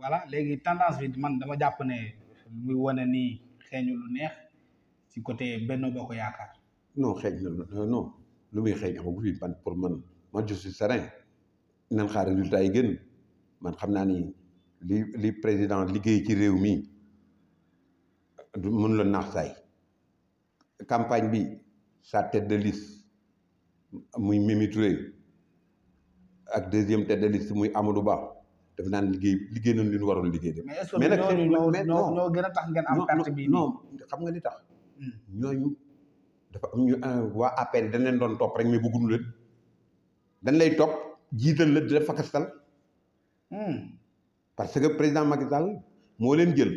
voilà léegi tendance bi man dama jàpp ne muy wane nii xeeñu lu neex ci côté Benno Bokk Yaakaar. no xeeñ na non lu muy xeeñ amagu fi man pour man man je suis nan xaar résultat yi gën man xam naa ni li li président liggéey ci réew mi du mun la nax saay campagne bi sa tête de liste muy Mimi Touré ak deuxième tête de liste muy Amadou Ba. daf naan liggéey liggéey nañ li ñu waroon liggéey de. mais nag ñoo ñoo ñoo gën a tax ngeen am carte xam nga li tax. Hmm. ñooñu dafa am ah, waa APR dañ leen doon topp rek mais bëgguñu leen dañ lay topp jiital la di la fakastal. Hmm. parce que président Macky Sall moo leen jël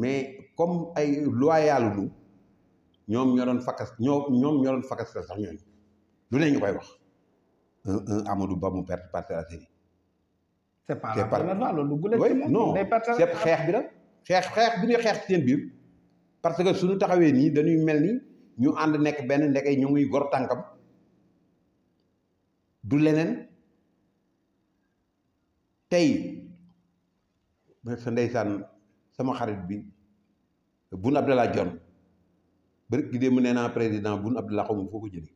mais comme ay loyal lu ñoom ñoo doon fakas ñoo ñoom ñoo doon fakastal sax ñooñu lu ne ñu koy wax. un Ba mu perte parcelle c'est pas la loolu du guddee ci moom non c'est xeex bi la xeex xeex bi ñuy xeex ci seen biir parce que suñu taxawee nii dañuy mel ni ñu ànd nekk benn ndekay ñu ngi gor tànkam du leneen tey sa ndeysaan sama xarit bi Boun Abdallah Dionne bari gi mu nee naa président Boun Abdallah xaw ma foo ko jëlee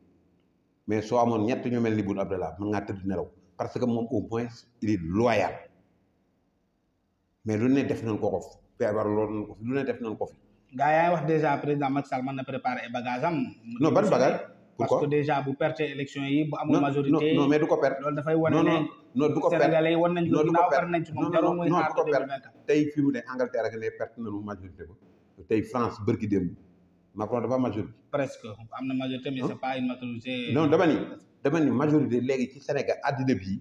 mais soo amoon ñett ñu mel ni Boun Abdallah mën ngaa tëdd nelaw parce que moom au moins il est loyal mais lu ne def nañ ko ko fi feebar loolu lu ne def nañ ko fi. gaa yaa wax dèjà président Macky Sall mën na préparer ay bagages am. non ban parce que dèjà bu perte élection yi bu amul majorité non non mais du ko perte. loolu dafay wane ne non non du ko perte Sénégalais yi wan nañ ko ginnaaw war nañ ci moom jarul du ko perte tey fi mu ne Angleterre ak ne perte nañu majorité ba tey France bërki démb. Macron dafa majorité. presque am na majorité mais c'est pas une majorité. non dama ni dama ni majorité léegi ci Sénégal àddina bi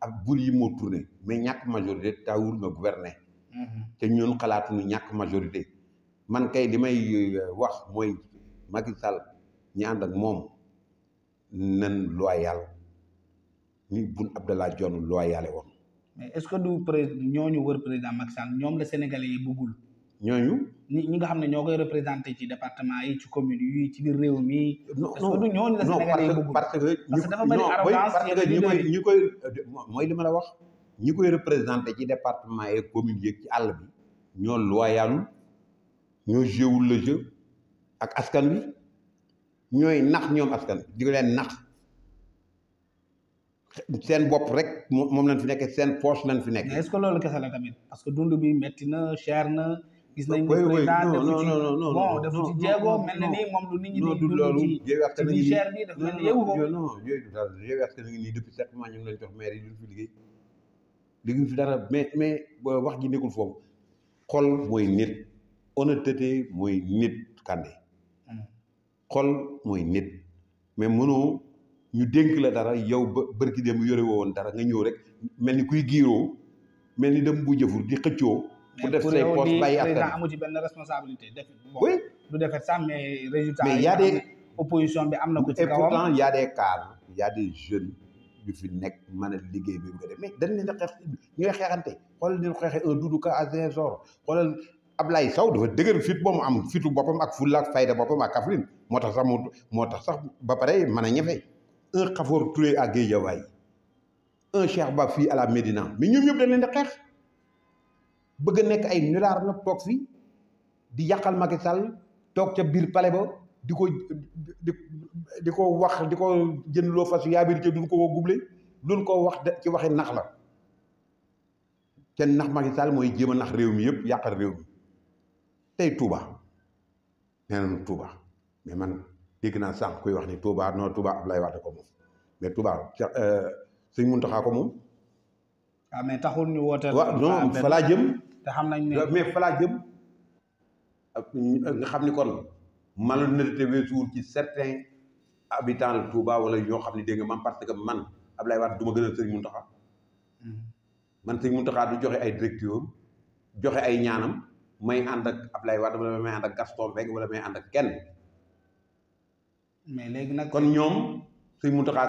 ak bul yi moo tourné mais ñàkk majorité taawul nga gouverner. Mhm. te ñun xalaatuñu ñàkk majorité. man kay li may euh, wax mooy Macky Sall ñi moom nan loyal ni Boun Abdallah Dionne loyalé woon. mais est-ce que du pré ñooñu wër président Macky Sall ñoom la Sénégalais yi bëggul. ñooñu ñi ñi nga xam ne ñoo koy représenté ci département yi ci commune yi ci biir réew mi. non non parce que parce que dafa bëri arrogance parce que ñi koy ñi koy mooy li ma la wax. ñi koy représenté ci département yi commune yi ci àll bi ñoo loyaalu ñoo jéwul le jeu ak askan wi ñooy nax ñoom askan bi di leen nax seen bopp rek moom lañ fi nekk seen poche lañ fi nekk. est-ce que loolu kese la tamit parce que dund bi metti na cher na. gis oh, nañ président defu ci bon defu ci jéego mel na ni moom lu nit ñi di dund ci ci cher bi nii jox maire yi duñ fi liggéey liggéey fi dara mais mais euh, wax ji nekkul foofu xol mooy nit honnêteté mooy nit Kandé hmm. xol mooy nit mais mënoo ñu dénk la dara yow ba bërki dem yore woon dara nga ñëw rek mel ni kuy giiroo mel ni dem bu jëfur di xëccoo bu def say poste bàyyi ak président amu ci benn responsabilité def mais résultat opposition bi am na ko ci kawam et pourtant y a des cadres y a des jeunes yu fi nekk mën liggéey bi nga def mais dañ leen a xeex ñooy xeexante xoolal ñu xeexee un Doudou Ka à Ziguinchor xoolal Ablaye Sow dafa dëgër fit ba mu am fitu boppam ak fulla ak fayda boppam ak Kaffrine moo tax sax mu moo tax sax ba pare mën a ñefe un Khafor Touré à Guédiawaye un Cheikh Ba fii à la Médina mais ñoom ñëpp dañ leen bëgg a nekk ay nulaar na toog fi di yàqal Macky Sall toog ca biir palais ba di ko di di ko wax di ko jënd loo fas yaa biir ca duñ ko guble luñ ko wax ci waxi nax la kenn nax Macky Sall mooy jéem a nax réew mi yëpp yàqal réew mi tey Touba nee nañu Touba mais man dégg naa sànq koy wax ni Touba non Touba lay Wade ko moom mais Touba euh, sëñ Mountakha ko moom waa ah, mais taxul ñu wooteel. waaw non ah, falaa jëm. te xam nañ ne mais falaa jëm. nga xam ni kon malhonnêteté weesuwul ci certains habitants de Touba wala ñoo xam ne dégg nga man parce que man Ablaye Wade du ma gën a Serigne Mountakha hmm. man Serigne Mountakha du joxe ay directives joxe ay ñaanam may ànd ak Ablaye Wade wala may ànd ak Gaston Mbengue wala may ànd ak kenn. kon ñoom Serigne Mountakha